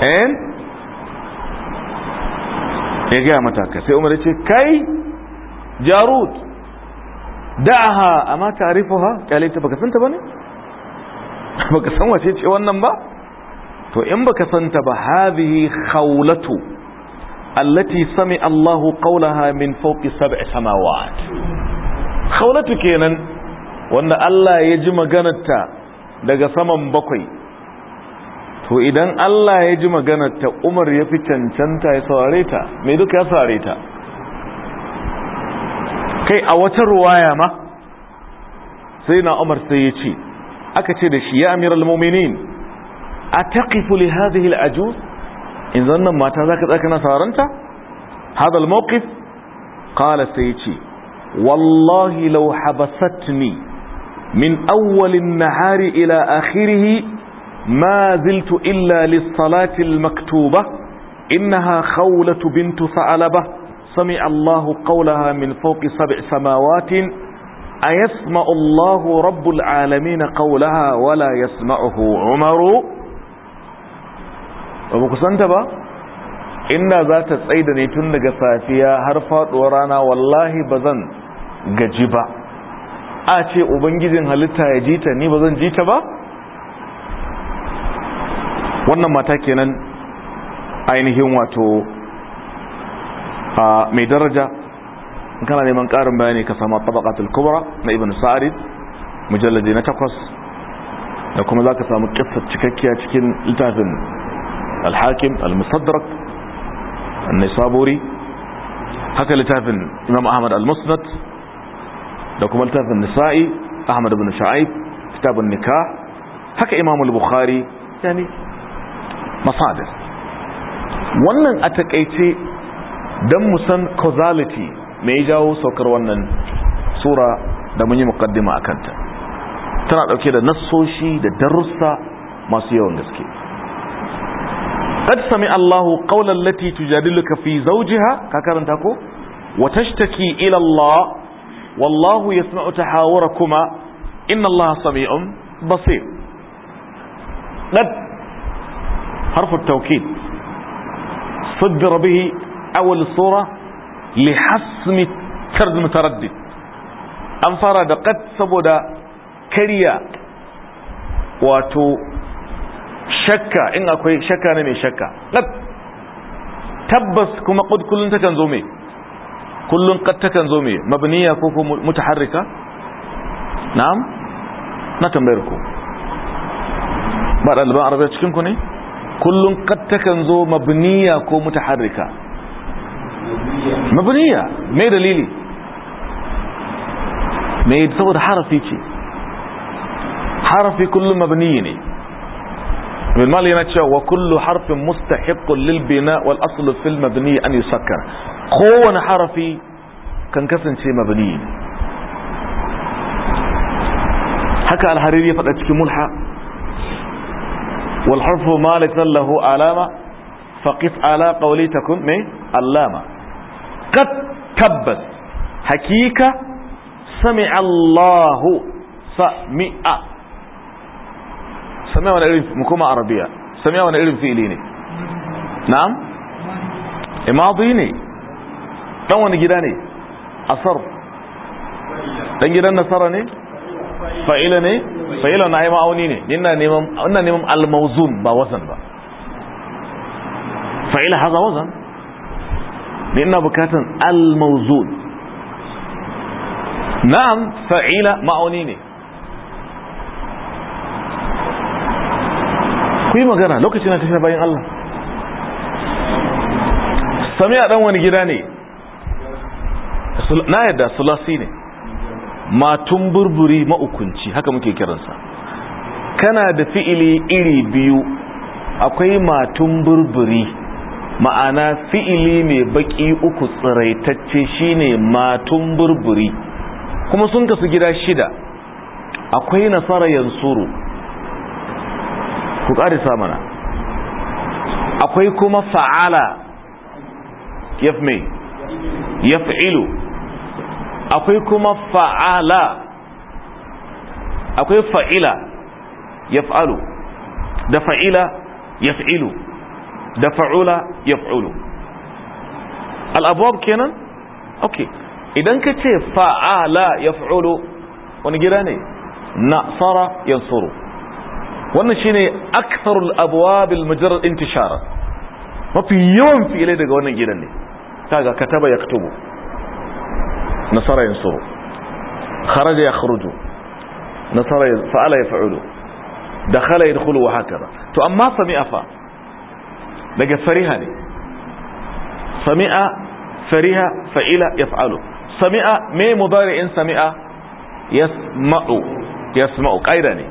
en eh? ya gaya mataka sai umar ce kai jarud da'aha amma ta'arifuha kyale ta baka santa bane baka san wace ce wannan ba to in baka santa ba hadhihi khawlatu allati sami Allahu qawlaha min fawqi sab'i samawat khawlatu kenan wanda Allah ya ji maganarta daga saman bakwai to idan Allah ya ji maganarta Umar ya fi cancanta ya saurare ta mai duka ya saurare ta kai a wata ruwaya ma sai na Umar sai ya ce akace da shi ya amiral muminin ataqifu li hadhihi al'ajuz in zanna mata zaka tsaka na saranta hadha al-mawqif qala sayyidi wallahi law habasatni min awwal an nahari ila akhirih ma ziltu illa lis-salati al-maktuba innaha khawlatu bint sa'alaba sami'a Allahu qawlaha min fawqi sab'i samawati a yasma'u Allahu rabbul alamin qawlaha wala yasma'uhu umaru ba ku santa ba inda za ta tsaida ne tun daga safiya har faduwar rana wallahi bazan gaji ba a ce ubangijin halitta ya jita ni bazan jita ba wannan mata kenan ainihin wato a mai daraja kana neman ƙarin bayani ka sama tabaqatul kubra na ibn sa'id mujalladi na takwas da kuma zaka samu kissa cikakkiya cikin littafin al-hakim al-musaddrak an-nisaburi haka littafin imam ahmad al-musnad da kuma littafin nisa'i ahmad ibn sha'ib kitabun nikah haka imam al-bukhari yani masadir wannan a takaice don musan causality me ya jawo saukar wannan sura da mun yi muqaddima a kanta tana dauke da nassoshi da darussa masu yawan gaske qad sami Allahu qawlan lati tujadiluka fi zawjiha ka karanta ko wa tashtaki ila Allah wallahu yasma'u tahawurakuma inna Allah sami'un basir qad harfu tawkid صدر bihi أول surah li hasmi tarz mutaraddid an fara da qad saboda kariya wato shakka in akwai shakka ne mai shakka qad tabbas kuma qad kullun takan zo mai kullun qad takan zo mai mabniya ko ko mutaharrika na'am na tambayar ku ba ɗaliban arabiya cikin ku ne kullun qad takan zo mabniya ko mutaharrika مبنية ما دليلي ما يتصور حرف يجي حرف كل مبنية مبنيني بالمال ينتشى وكل حرف مستحق للبناء والأصل في المبنية أن يسكر قوان حرفي كان كسن شيء مبني حكى الحريري فقط كملحة والحرف مالك له علامة فقف على قوليتكم من اللامة قد تبت حقيقة سمع الله سمع سمع وانا إلين مكومة عربية سمع وانا إلين في إليني نعم إماضيني كم وانا جداني أصر تن جدان نصرني فإلني فإلو نعيم أونيني لنا نمم, نمم الموزون با وزن با فإلى هذا وزن Ne ina bukatan al-mawzun na'am fa'ila ma'auni ne ku yi magana lokacin na tafiya bayan Allah sami a ɗan wani gida ne na yadda sulasi ne matun burburi ma'ukunci haka muke kiransa kana da fi'ili iri biyu akwai matun burburi ma'ana fi'ili mai baki uku tsiraitacce shine matun burburi kuma sun kasu gida shida akwai nasara yansuru ku ƙarisa mana akwai kuma fa'ala yafme yaf'ilu akwai kuma fa'ala akwai fa'ila yaf'alu da fa'ila yaf'ilu da fa'ula ya al Al'abuwa kenan okay idan ka ce fa'ala yaf'ulu wani gida ne Na ya yansuru wannan shine aktharul abwab al-mujarrad intishara mafi yawan fi'ilai daga wannan gidan ne Ta kaga kataba yaktubu nasara yansuru kharaja yakhruju nasara fa'ala yaf'ulu dakhala yadkhulu wa hakaza to amma sami'a fa daga fariha ne sami'a fariha fa'ila yaf'alu sami'a me mudari'in sami'a yasma'u yasma'u qaida ne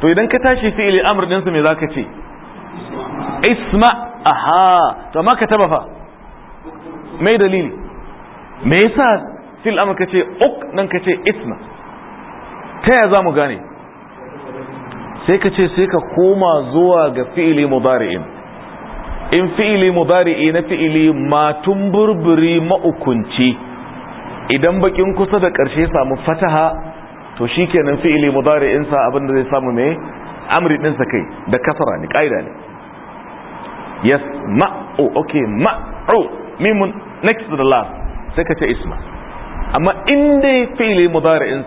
to idan ka tashi fi'il amr din su me zaka ce isma aha to ma ka taba fa me dalili me yasa fil amr kace uk nan kace isma ta ya zamu gane sai ka ce sai ka koma zuwa ga fi'ili mudari'in in fi'ili mubari'i na fi'ili matun burburi ma'ukunci idan bakin kusa da ƙarshe samu fataha to shikenan fi'ili abin abinda zai samu mai amri sa kai da kasara ne ƙa'ida ne yes ma'u okay ma'u mimun next to the last sai ka ce isma amma in dai fi'ili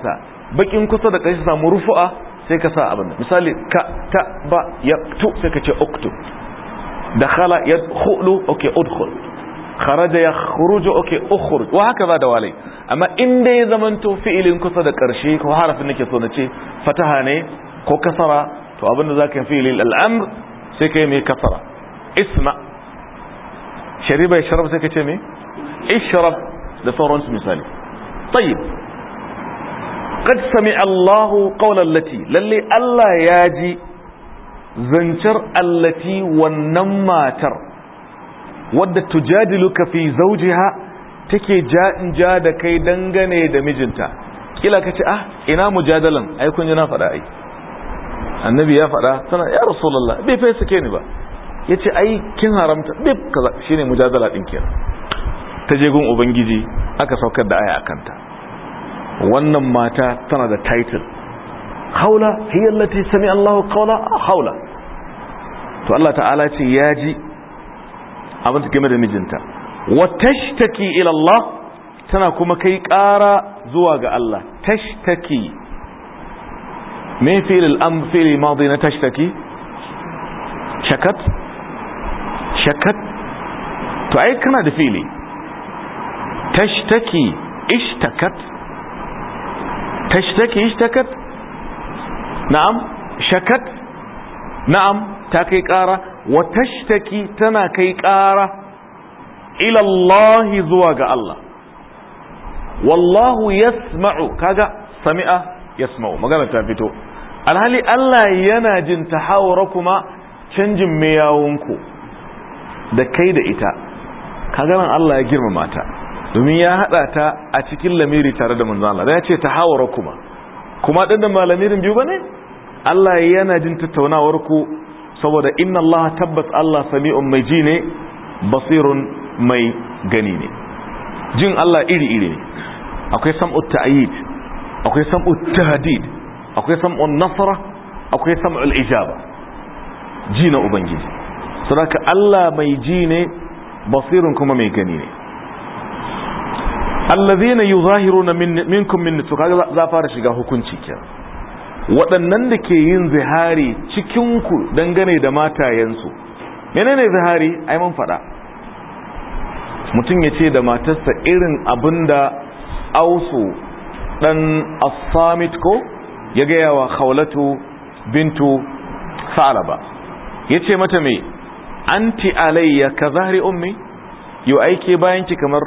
sa bakin kusa da ƙarshe samu rufu'a sai ka sa abin misali ka ta ba ya tu sai ka ce oktu. dakhala yadkhulu okay udkhul kharaja yakhruju okay ukhruj wa haka ba da walai amma in dai zamanto fi'ilin kusa da karshe ko harafin nake so nace fataha ne ko kasara to abinda zaka yi fi'ilin al'amr sai kai mai kasara isma shariba sharab sai kace me ishrab da sauransu misali tayyib qad sami'a Allahu qawlan lati lalle Allah ya ji zancar allati wannan matar wadda tujadiluka fi zawjiha take in ja da kai dangane da mijinta kila kace ah ina mujadalan ai kun ji na faɗa ai annabi ya faɗa sana ya rasulullah bai fa ke ni ba yace ai kin haramta duk kaza shine mujadala din kenan ta je gun ubangiji aka saukar da aya akanta wannan mata tana da title haula hiya allati sami Allah qawla haula to Allah ta'ala ce ya ji abin da game da mijinta wa tashtaki ila Allah tana kuma kai ƙara zuwa ga Allah tashtaki Min fi'il al fili fi'il madi na tashtaki shakat shakat to ai kana da fili? tashtaki ishtakat tashtaki ishtakat na'am shakat na'am ta kai ƙara wa tashtaki tana kai ƙara ila zuwa ga Allah wallahu yasma'u kaga sami'a yasma'u magana ta fito alhali Allah yana jin tahawara kuma canjin mayawunku da kai da ita kaga nan Allah ya girmama ta domin ya hada ta a cikin lamiri tare da manzo Allah ya ce tahawara kuma kuma ɗan da malamirin biyu ba ne Allah yana jin tattaunawar ku saboda inna Allah tabbas Allah sami'un mai ji ne basirun mai gani ne jin Allah iri-iri ne akwai sam'ut ta'ayyid akwai sam'ut tahdid akwai sam'un nasara akwai sam'ul ijaba ji na ubangiji saboda Allah mai ji ne basirun kuma mai gani ne allazina yuzahiruna minkum min nutsu kaga za fara shiga hukunci kenan waɗannan da ke yin zihari cikin ku dangane da matayensu menene zihari ai mun faɗa mutum ya ce da matarsa irin da ausu ɗan as ko ya gaya wa khawlatu bintu salaba yace mata me anti alayya ka zahri ummi yo aike bayanki kamar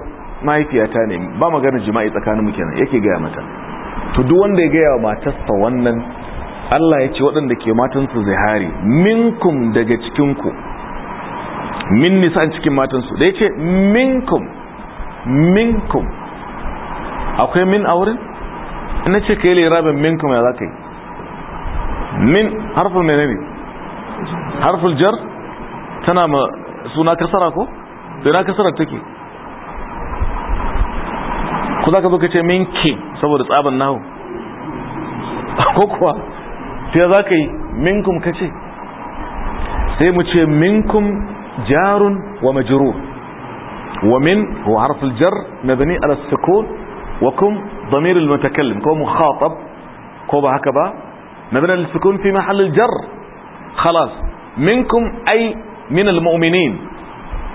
mahaifiyata ne ba magana jima'i tsakanin mu kenan yake gaya mata to duk wanda ya gaya wa matarsa wannan Allah ya ce waɗanda ke matansu hari minkum daga cikinku min nisan cikin matansu da ya ce minkum minkum akwai min a wurin ina ce ka yi lirabin minkum ya za ka yi min harfin mene ne harfin jar tana ma suna kasara ko? da na kasara take ko za ka zo ka ce minki saboda tsaban nahu ko kuwa sai za ka yi minkum ka ce sai mu ce minkum jarun wa majuru wa min wa harful jar mabni ala sukun wa kum ضمير المتكلم كو مخاطب كو هكذا مبنى للسكون في محل min al منكم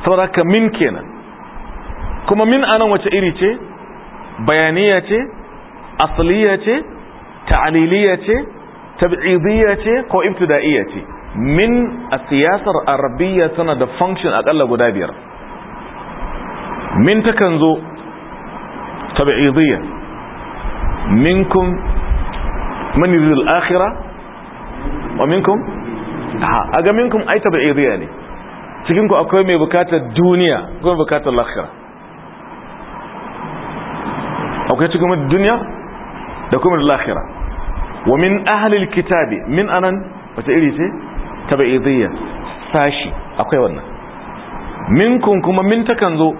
saboda ka min kenan kuma min anan wace iri ce bayaniya ce asliya ce ta'aliliya ce tab'idiyya ce ko ibtida'iyya ce min a arabiyya tana da function akalla guda biyar min takan zo tab'idiyya minkum man yuridu al-akhirah wa minkum a ga minkum ai tab'idiyya ne cikin ku akwai mai bukatar duniya ko bukatar lahira او كيتي كوم الدنيا دا الاخره ومن اهل الكتاب من انا وتايريتي تبعيضيه فاشي اكو wannan منكم كما من تكنزو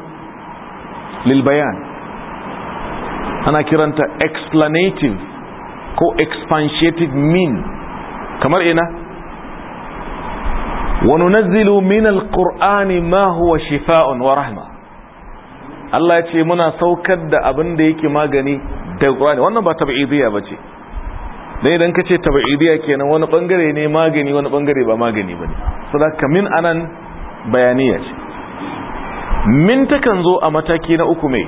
للبيان انا كيرانتا اكسبلانيتيف كو اكسبانشيتيف مين كما اينا وننزل من القران ما هو شفاء ورحمه Allah ya ce muna saukar da abin da yake magani da Qur'ani wannan ba tab'idiyya bace dai idan kace tab'idiyya kenan wani bangare ne magani wani bangare ba magani bane saboda min anan bayaniya ce min takan zo a mataki na uku mai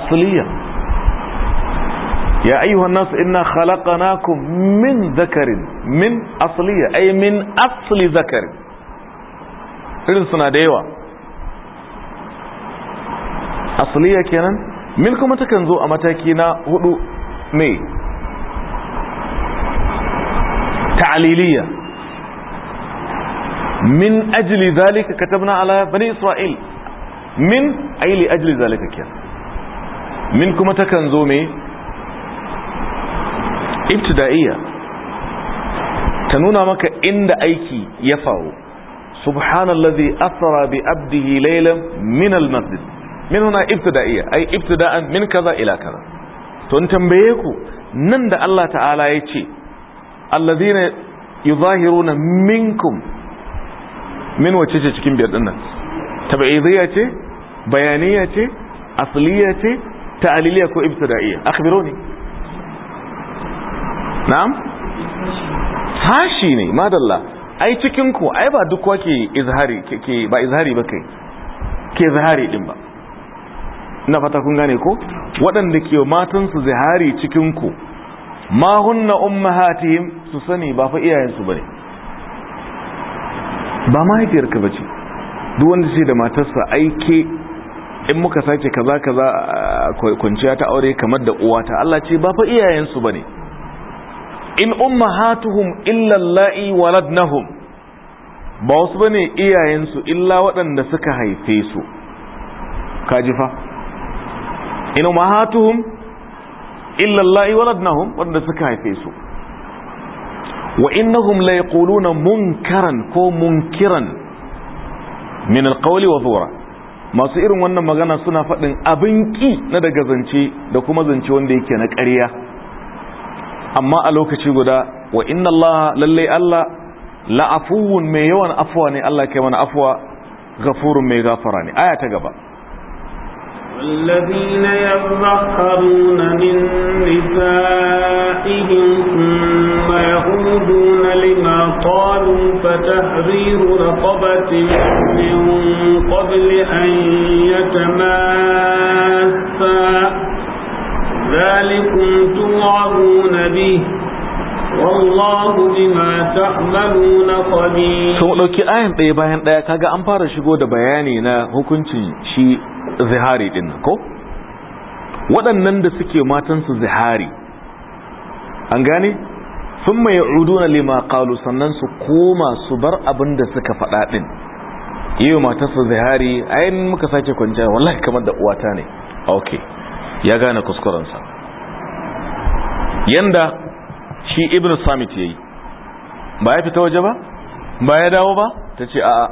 asliya ya ayyuhan nas inna khalaqnakum min dhakarin min asliya ay min asli dhakarin irin suna da yawa asliya kenan min kuma takan zo a mataki na hudu me ta'aliliya min ajli zalika katabna ala bani isra'il min ay li ajli zalika kenan min kuma takan zo me ibtida'iya ta nuna maka inda aiki ya faru subhanallazi asra bi abdihi laylan min al-masjid min huna ibtida'iyya ai ibtida'an min kaza ila kaza to in tambaye ku nan da Allah ta'ala ya ce alladhina yuzahiruna minkum min wace ce cikin biyar dinnan tab'idiyya ce bayaniya ce asliyya ce ta'aliliyya ko ibtida'iyya akhbiruni na'am hashi ne madalla ai cikin ku ai ba duk wake izhari ke ba izhari ba kai ke zahari din ba na fata kun gane ko waɗanda ke matansu zihari cikinku ma hunna ummahatihim su sani ba fa iyayensu bane ba mahaifiyarka bace duk wanda ce da matarsa aike in muka sake kaza kaza ah, kwanciya ta aure kamar da uwata Allah ce ba fa iyayensu bane in ummahatuhum illa allai waladnahum ba wasu bane iyayensu illa waɗanda suka haife su kaji fa in ummahatuhum illa allahi waladnahum wanda suka haife su wa innahum la yaquluna munkaran ko munkiran min alqawli wa zura masu irin wannan magana suna faɗin abin ƙi na daga zance da kuma zance wanda yake na ƙarya amma a lokaci guda wa inna Allah lalle Allah la'afuwun mai yawan afuwa ne Allah kai mana afuwa gafurun mai gafara ne aya ta gaba والذين يظهرون من نسائهم ثم يعودون لما قالوا فتحرير رقبة من قبل أن يتماسا ذلكم توعظون به sau ɗauki ayan ɗaya bayan ɗaya kaga an fara shigo da bayani na hukuncin shi zihari din ko waɗannan da suke matansu zihari an gane sun mai uduna lima kalu sannan su koma su bar abin da suka faɗa ɗin yi wa zihari ayin muka sake kwanciya wallahi kamar da uwata ne ok ya gane kuskurensa yanda shi ibn samit ya yi ba ya fita waje ba ba ya dawo ba ta ce a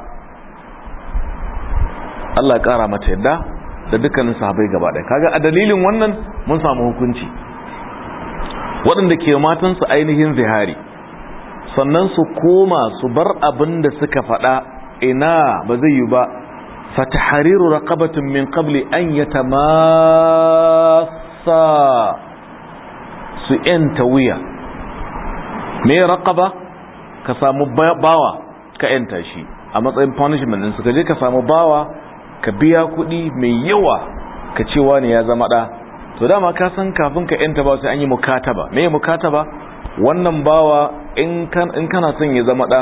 Allah ƙara mata yadda da dukkanin sahabai gaba ɗaya kaga a dalilin wannan mun samu hukunci waɗanda ke matan su ainihin zihari sannan su koma su bar abin da suka faɗa ina ba zai yi ba fatahariru raqabatin min qabli an yatamassa su yanta wuya me raqaba ka samu bawa ka yanta shi a matsayin punishment din suka je ka samu bawa ka biya kuɗi mai yawa ka cewa wani ya zama ɗa to dama ka san kafin ka yanta ba sai an yi mukataba me mukataba wannan bawa in kana son ya zama ɗa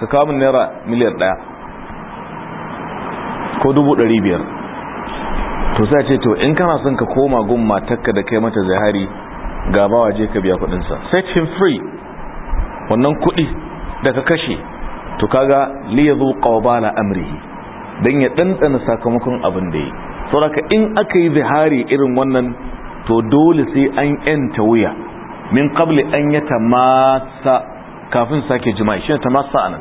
ka kawo min naira miliyar ɗaya ko dubu ɗari biyar to sai ce to in kana son ka koma gun matakka da kai mata zahari ga bawa je ka biya kuɗinsa set him free wannan kuɗi da ka kashe to kaga liyazu qawbala amrihi don ya ɗanɗana sakamakon abin da yi sauraka in aka yi zihari irin wannan to dole sai an yanta wuya min kabli an ya tamasa kafin sake jima'i shi tamasa anan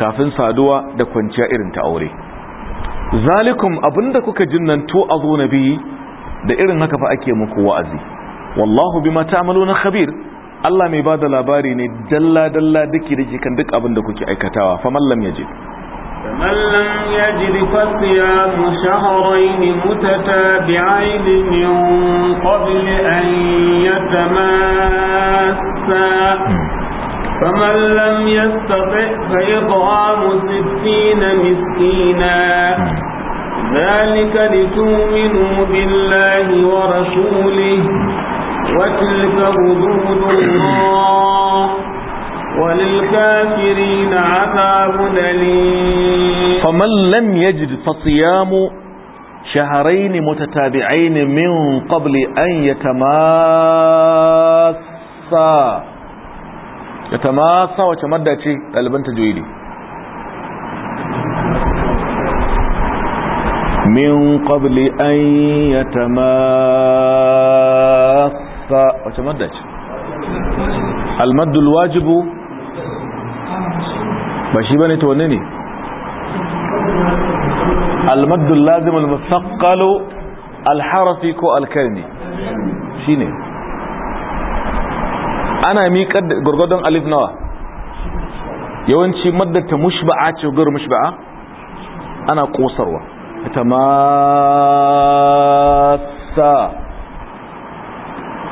kafin saduwa da kwanciya irin ta aure zalikum abinda kuka a to na biyi. da irin haka fa ake muku wa'azi wallahu bima na khabir Allah mai bada labari ne dalla dalla dake dake kan duk abin da kuke aikatawa Mallam ya je. فمن لم يجد فصيام شهرين متتابعين من قبل أن يتماسا فمن لم يستطع فإطعام ستين مسكينا ذلك لتؤمنوا بالله ورسوله وتلك حدود الله وللكافرين عذاب أليم فمن لم يجد فصيام شهرين متتابعين من قبل أن يتماسا يتماسا وتمدى شيء قلبا تجويلي من قبل أن يتماسا وتمدى المد الواجب ba shi bane to wanne ne almaddul lazim alharafi ko alkarni shine ana miƙar da gurgudun alif nawa yawanci maddata mushba'a ce gur mushba'a ana kosarwa ita masa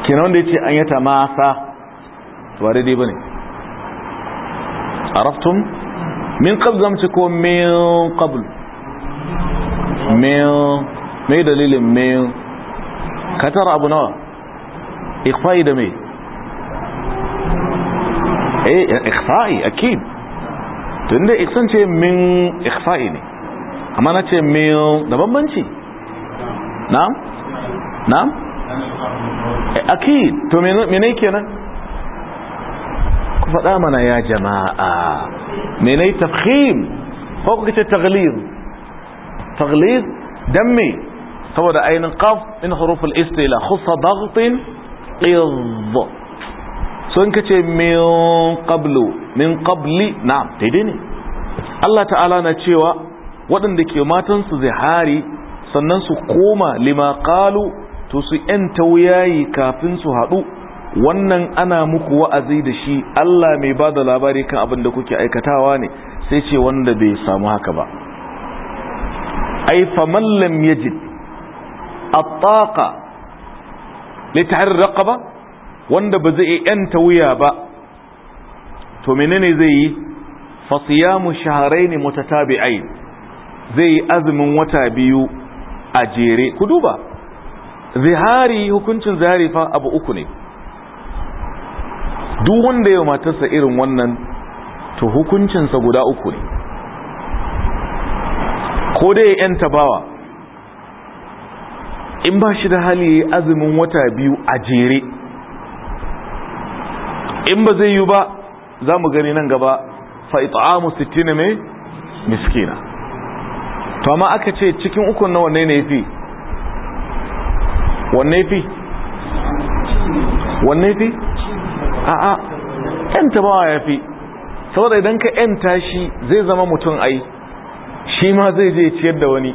kenan wanda ya ce an yi ta masa ba dai ba ne عرفتم من قبل لم تكون من قبل من ما دليل من كتر أبو نوى إخفائي دمي إيه إخفائي أكيد tunda iksan ce min ikhfa'i ne amma na ce min da bambanci na'am na'am akid to menene kenan ku faɗa mana ya jama'a me na yi tafhim ko kuka ce taglib don me saboda ainihin qaf in huruful istila khusa daghtin qidh so in ce min qablu min qabli na'am daidai ne Allah ta'ala na cewa waɗanda ke matansu zihari sannan su koma lima qalu to su yanta wuyayi kafin su haɗu wannan ana muku wa'azi da shi Allah mai ba da labari kan abin da kuke aikatawa ne sai ce wanda bai samu haka ba ai faman lam yajid at-taqa li raqaba wanda ba zai yanta wuya ba to menene zai yi fa siyamu shahrayn mutatabi'ain zai yi azumin wata biyu a jere ku duba zihari hukuncin zihari fa abu uku ne duk wanda ya matarsa irin wannan to hukuncinsa guda uku ne ko da ya yanta bawa in ba shi da hali azumin wata biyu a jere in ba zai yi ba za mu gani nan gaba fa'ita'amu sittina mai miskina to amma aka ce cikin ukun na wanne ne wanne fi wanne a'a yanta bawa ya fi saboda idan ka yanta shi zai zama mutum ai shi ma zai je ciyar da wani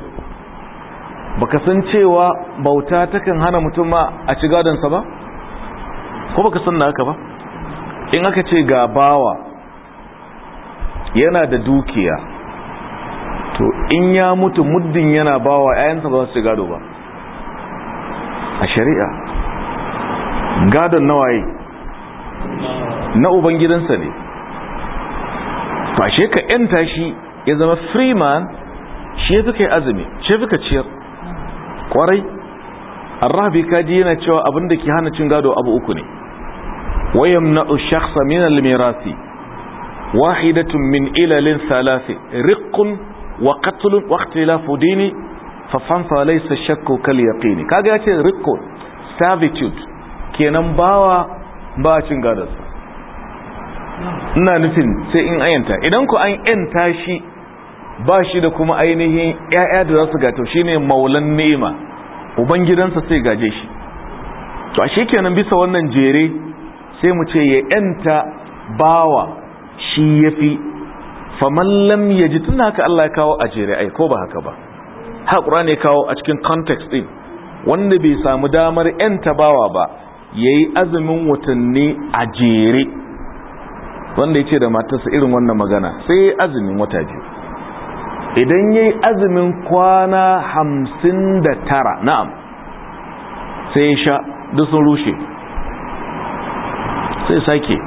baka san cewa bauta takan hana mutum ma a ci gadonsa ba ko baka san na haka ba in aka ce ga bawa yana da dukiya to in ya mutu muddin yana bawa 'ya'yansa ba za su ci gado ba a shari'a gadon nawaye na ubangidansa ne fashe ka yanta shi ya zama freeman shi ya suka yi azumi ce suka ciyar kwarai arrabi kaji yana cewa abinda ke hana cin gado abu uku ne wayan na'u shakhsa min almirasi wahidatun min ilalin salasi rikun wa katulun wakati dini fa fanfa shakku kal yaqini kaga yace rikun servitude kenan bawa ba cin gadonsa ina nufin sai in ayanta idan ku an yanta shi ba shi da kuma ainihin ‘ya'ya da za su gato shi ne maulan nema ubangidansa sai gaje shi to a shekenan bisa wannan jere sai mu ce ya ‘yanta bawa shi ya fi famallam ya ji tun haka Allah ya kawo a jere ai ko ba haka ba haƙura ne kawo a cikin context ɗin wanda bai samu damar ‘yanta bawa ba ya yi azumin watanni a jere wanda ya ce da matarsa irin wannan magana sai ya azumin wata biyu idan ya yi azumin kwana hamsin da tara na'am sai ya sha duk sun rushe sai sake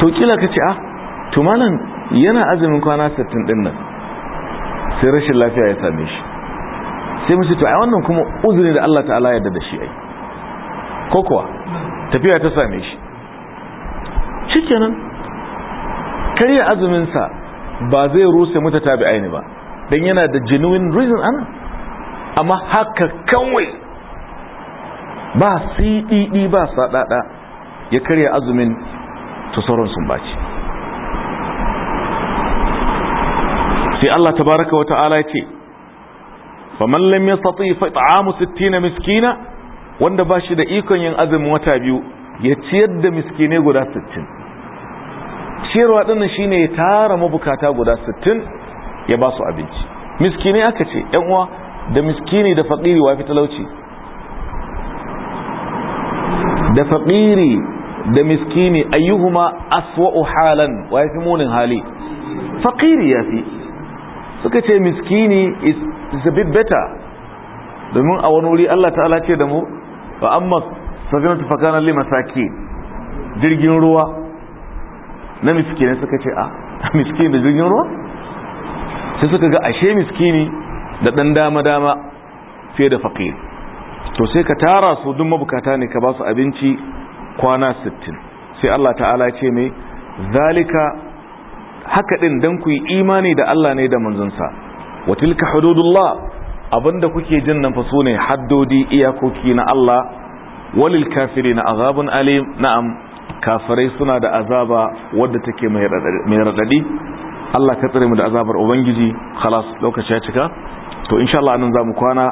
to kila ka ce ah tumanin yana azumin kwana sattin din nan sai rashin lafiya ya same shi sai musu to wannan kuma uzuri da Allah ta'ala ya da shi ai kokowa tafiya ta same shi shikenan karya azuminsa ba zai rusa mata aini ba dan yana da genuine reason ana amma haka kanwai ba cdd e e, ba sadada ya karya azumin to sun baci sai Allah tabaraka wa ta'ala ya ce faman lam yastati fa ta'amu 60 miskina wanda ba shi da ikon yin azumin wata biyu ya ciyar da miskine guda 60 ciyarwa dinnan shine ya tara mabukata guda 60 ya ba su abinci miskini aka ce yan uwa da miskini da fakiri wafi talauci da fakiri da miskini ayyuhuma aswa'u halan wafi munin hali fakiri yafi suka ce miskini is, a bit better domin a wani wuri Allah ta'ala ce da mu ba amma safinatu fakanan limasaki jirgin ruwa na miskini suka ce a miskini da jirgin ruwa sai suka ga ashe miskini da ɗan dama-dama fiye da faƙir to sai ka tara su duk mabukata ne ka ba su abinci kwana 60 sai Allah ta'ala ce mai zalika haka ɗin don ku yi imani da Allah ne da manzansa watilka hududullah abinda kuke jin nan fasu ne haddodi iyakoki na Allah walil kafiri na azabun alim na'am kafirai suna da azaba wadda take mai radadi Allah ka tsare mu da azabar ubangiji khalas lokaci ya cika to insha Allah nan zamu kwana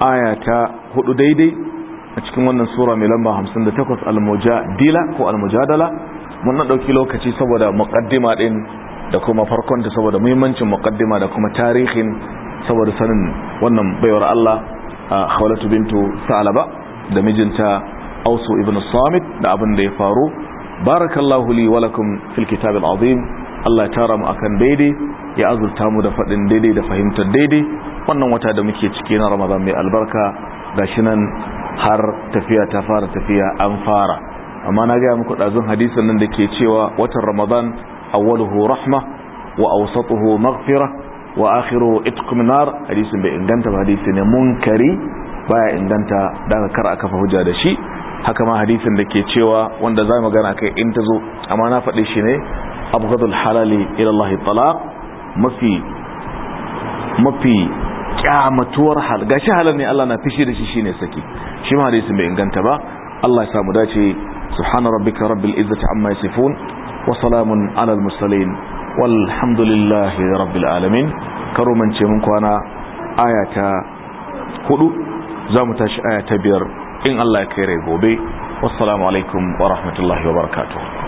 aya ta hudu daidai a cikin wannan sura mai lamba 58 al-mujadila ko al-mujadala mun na dauki lokaci saboda muqaddima din da kuma farkon da saboda muhimmancin muqaddima da kuma tarihin saboda sanin wannan baiwar Allah Khawlatu bintu Salaba da mijinta ausu ibn samit da abin da ya faru barakallahu li wa lakum fil kitabil azim Allah ya tara mu a kan daidai ya azurta mu da faɗin daidai da fahimtar daidai wannan wata da muke ciki na Ramadan mai albarka Ga shi nan har tafiya ta fara tafiya an fara amma na gaya muku dazun hadisin nan da ke cewa watan Ramadan awwaluhu rahma wa awsatuhu maghfirah wa akhiruhu itqun nar hadisin bai inganta ba hadisi ne mun kari, baya inganta daga kar aka fa hujja da shi haka ma hadisin da ke cewa wanda za mu gana kai in ta zo amma na faɗi shi ne abghadul halali ila Allah talaq mafi mafi kyamatuwar hal gashi halal ne Allah na fishi da shi shine saki shi ma hadisin bai inganta ba Allah ya samu dace subhana rabbika rabbil izzati amma yasifun wa salamun al mursalin walhamdulillahi rabbil alamin karo ce mun kwana aya ta hudu za mu tashi aya ta biyar in Allah ya kai rai gobe wassalamu alaikum wa rahmatullahi wa barakatuh